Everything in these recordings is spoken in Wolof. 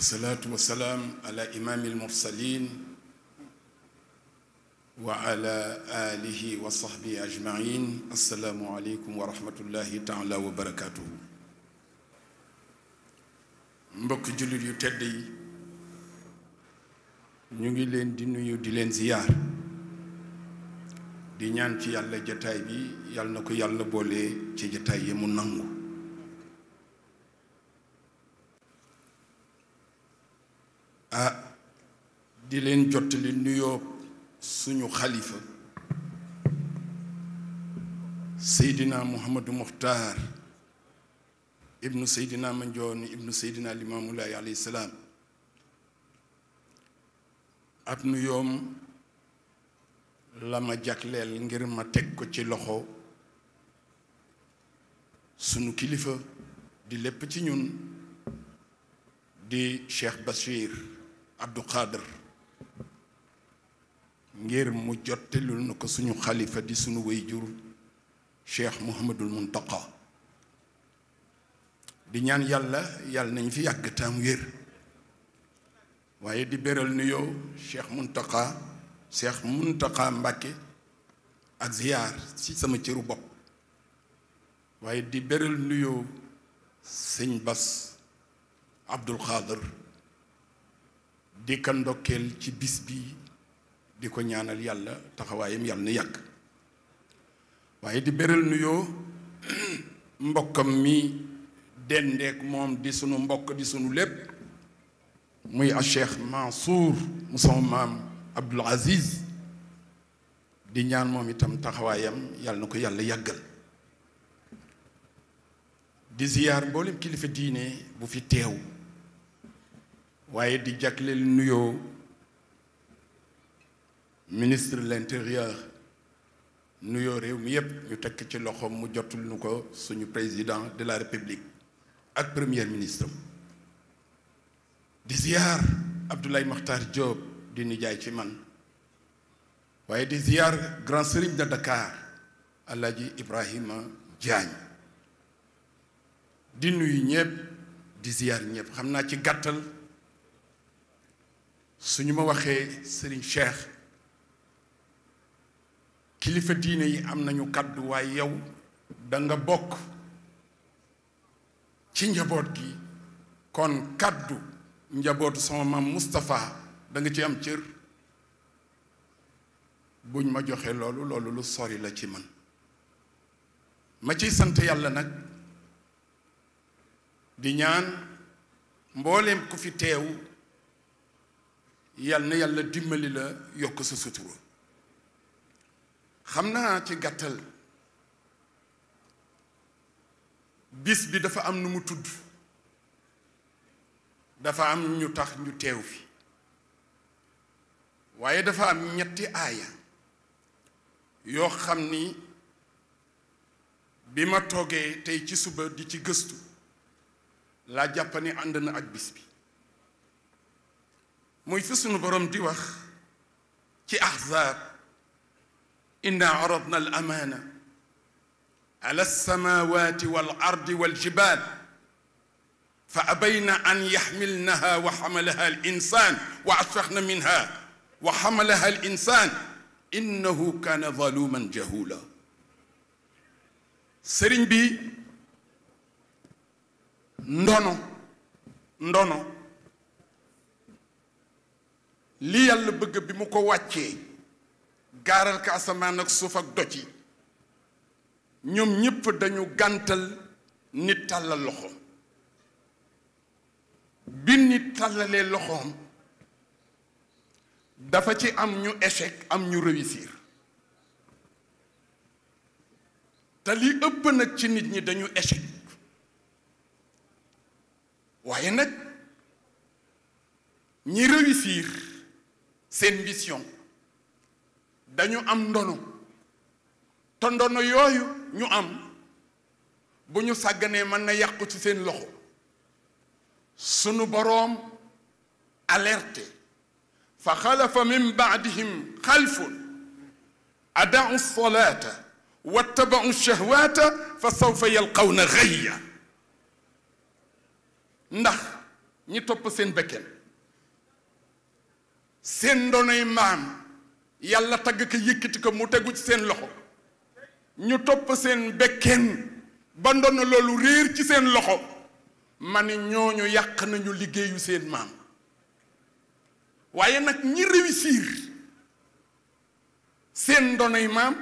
wasalaatu salaam ala imaami almursalin wa ala alihi wa sahbihi ajmain assalaamu aleykum wa rahmatullahi taala wa barakaatuhu mbokk jullit yu tedd yi ñu ngi leen di nuyu di leen ziyaar di ñaan ci yàlla jataay bi yàlla na ko yàlla boole ci jataay yi mu nangu di leen jottali nuyoo suñu xalifa seydina muhammadu muxtaar ibnu seydina manjoon ibnu seydina limaamulaay alayhi salaam ab la ma jagleel ngir ma teg ko ci loxo sunu kilifa di lépp ci ñun di cheikh bashir abdou xadr ngir mu jottelul na ko suñu xalifa di suñu wayjur cheikh muhammadul muntaqa di ñaan yàlla yàlla nañ fi yàgg taam wér waaye di béral nuyoo cheikh muntaqa cheikh muntaqa mbàkke ak ziyaar ci sama cëru bopp waaye di béral nuyoo sëñ bas abdul xaadir di ka ndokkeel ci bis bi di ko ñaanal yàlla taxawaayam yàlla na yàgg waaye di beral nuyoo mbokkam mi dendeek moom di sunu mbokk di sunu lépp muy a Cheikh Mansour mu sama maam Abdoul di ñaan moom itam taxawaayam yàlla na ko yàlla yàggal di ziyaar mboolem kilifa diine bu fi teew waaye di jagleel nuyoo ministre l'intérieur nuyoo réew mi yépp ñu tekk ci loxoom mu jotul nu ko suñu président de la république ak première ministre di ziyaar Abdoulaye Makhtar Diop di nijaay ci man waaye di ziyaar grand serigne de Dakar Alhaji Ibrahima Diagne di nuyu ñëpp di ziyaar ñëpp xam naa ci gàttal suñu ma waxee Serigne Cheikh kilifa diine yi am nañu kàddu waaye yow danga bokk ci njaboot gi kon kàddu njabootu sama maam Moustapha da ci am cër buñ ma joxe loolu loolu lu sori la ci man ma ciy sant yàlla nag di ñaan mbooleem ku fi teew yal na yàlla dimbali la yokk sa sutura xam naa ci gàttal bis bi dafa am nu mu tudd dafa am ñu tax ñu teew fi waaye dafa am ñetti aaya yoo xam ni bi ma toogee tey ci suba di ci gëstu laa jàpp ni ànd na ak bis bi mooy fi sunu di wax ci ahzaab inna aradna al amaana ala alsamawati walardi waljibal fa abayna an yaxmilnaha wa xamalaha alinsan wa asfaxna minha wa xamalaha alinsan innahu kaana zaluman jahula sëriñ bi ndono ndono li yàlla bëgg bi mu ko wàccee gaaral ka asamaan ak suuf ak doj yi ñoom ñëpp dañu gàntal nit tàllal loxoom bi nit tàllalee loxoom dafa ci am ñu échec am ñu réussir te li ëpp nag ci nit ñi dañu échec waaye nag ñi réussir seen mission dañu am ndono to ndono yooyu ñu am bu ñu sàgganee mën na yàqu ci seen loxo sunu boroom alerte fa xalafa min baadihim xalfun adaau lsolata wattabau lshahwata ndax ñi topp seen bekken seen ndonoy maam yàlla tagg ko yëkkati ko mu tegu ci seen loxo ñu topp seen bekkeen ba ndono loolu réer ci seen loxo ma ne ñooñu yàq nañu liggéeyu seen maam waaye nag ñi réussir seen ndonoy maam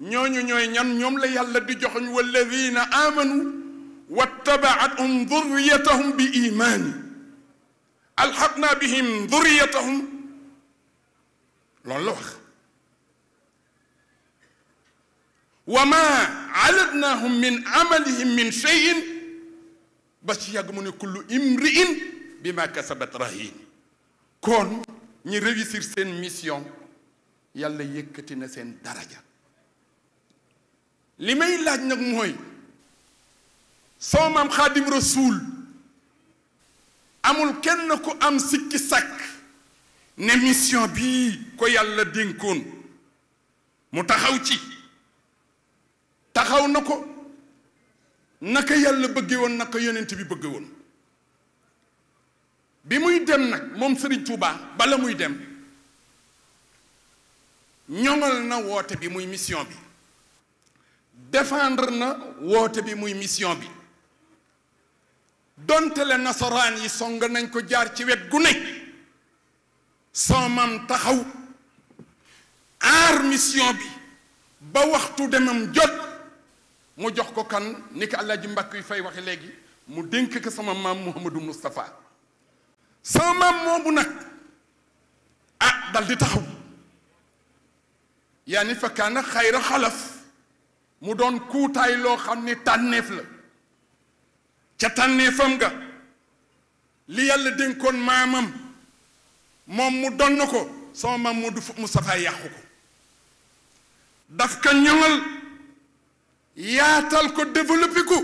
ñooñu ñooy ñan ñoom la yàlla di joxoñ walladina amanu wattabaathum durriyatahum bi imaani alxaqna bihim durriyatahum loolu la wax wa ma alatnahum min amalihim min cheyin ba ci yàgg mu ne kullu imriin bi ma kasabat rahin kon ñi réussir seen mission yàlla yëkkati na seen daraja li may laaj nag mooy soo maam xaadim rasuul amul kenn ku am sikki sàkk ne mission bii ko yàlla dénkoon mu taxaw ci taxaw na ko naka yàlla bëgge woon naka yonent bi bëgge woon bi muy dem nag moom sëriñ Touba bala muy dem ñoŋal na woote bi muy mission bi défendre na woote bi muy mission bi donte le nasaraan yi song nañ ko jaar ci wet gu nekk sama maam taxaw aar mission bi ba waxtu demam jot mu jox ko kan ni ko Alaaji Mbàkke yu fay waxe léegi mu dénk ko sama maam Mouhamadou Moustapha sama maam moomu nag ah dal taxaw yaa ni fa kaana xayra xalaf mu doon kuutaay loo xam ne tànneef la ca tànneefam nga li yàlla dénkoon maamam moom mu donn ko sama maam Modou Moustapha yàqu ko daf ko ñoŋal yaatal ko développé ko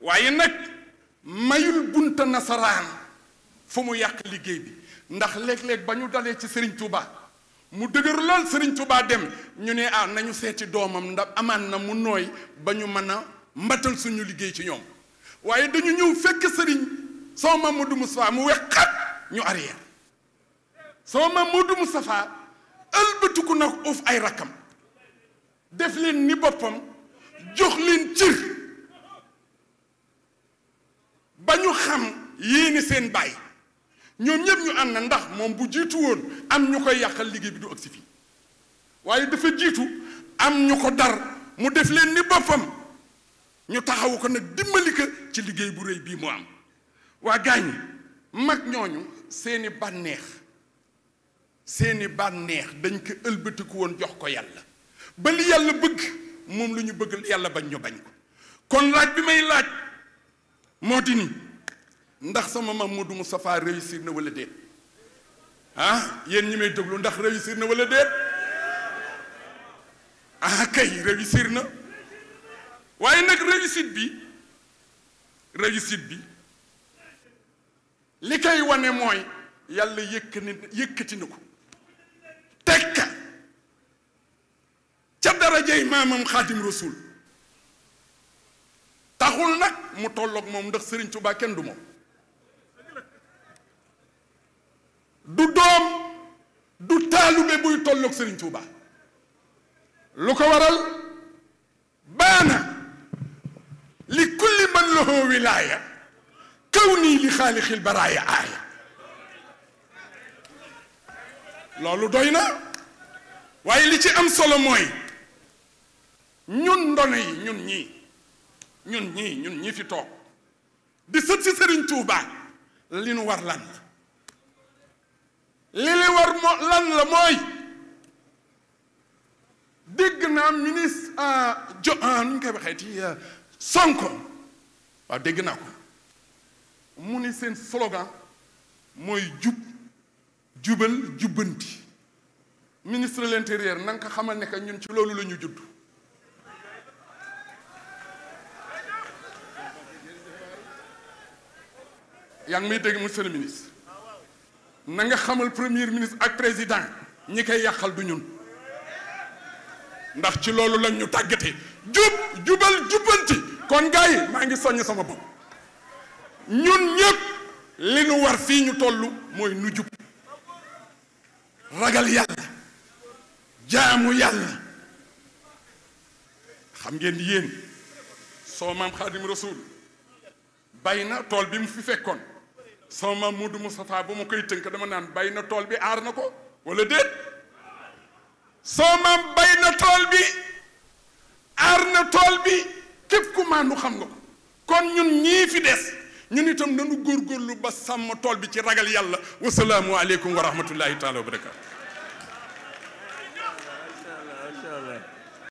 waaye nag mayul bunta nasaraan fu mu yàq liggéey bi ndax léeg-léeg ba ñu dalee ci sëriñ Touba mu dëgër lool Serigne Touba dem ñu ne ah nañu seeti doomam ndax amaan na mu nooy ba ñu mën a mbatal suñu liggéey ci ñoom waaye dañu ñëw fekk sëriñ sama maam Modou Moustapha mu wex xat ñu arrière. sama maam Modou Moustapha ëlbatiku na uuf ay rakkam def leen ni boppam jox leen cër ba ñu xam yéene seen bàyyi ñoom ñëpp ñu ànd na ndax moom bu jiitu woon am ñu koy yàqal liggéey bi du agsi fii waaye dafa jiitu am ñu ko dar mu def leen ni boppam ñu taxawu ko nag dimbali ko ci liggéey bu rëy bii mu am waa gaañ mag ñooñu seeni bànneex seeni bànneex dañ ko ëlbatiku woon jox ko yàlla ba li yàlla bëgg moom lu ñu bëgg yàlla bañ ñu bañ ko kon laaj bi may laaj moo di ni ndax sama Mamadou Moustapha réussir na wala déet ah yéen ñi may déglu ndax réussir na wala déet ah kay réussir na waaye nag réussite bi réussite bi li koy wane mooy yàlla yëkkati yëkkati na ko darajay maamam xaatim rasul taxul nag mu tolloog moom ndax Serigne Touba kenn du moom du doom du taalube buy tolloog Serigne Touba lu ko waral baana li kulli man lahu wilaaya kaw nii li xaalixil baraaya aaya loolu doy na waaye li ci am solo mooy ñun ndono yi ñun ñii ñun ñii ñun ñii fi toog di sët si sëriñ Touba li nu war lan la li li war mo lan la mooy dégg naa ministre euh, jo euh, nu ñu koy waxee ci euh, Sonko waaw dégg naa ko mu ni seen slogan mooy jub jubal jubbanti ministre de l'intérieur na nga ko xamal ne que ñun ci loolu la ñu judd yaa ngi may dégg mu le ministre na nga xamal première ministre ak président ñi koy yàqal du ñun ndax ci loolu lañ ñu tàggate jub jubal jubbanti kon gars yi maa ngi soññ sama bopp ñun ñëpp li nu war fii ñu tollu mooy nu jub ragal yàlla jaamu yàlla xam ngeen yéen soo maam xaadim rasul bay na tool bi mu fi fekkoon sama maam Modou Moustapha ba ma koy tënk dama naan bay na tool bi aar na ko walla déet sama maam bay na tool bi aar na tool bi képp ku maandu xam nga ko kon ñun ñii fi des ñun itam góor góorgóorlu ba sàmm tool bi ci ragal yàlla wasalaamu aleykum wa rahmatullahi taala wa barakaatu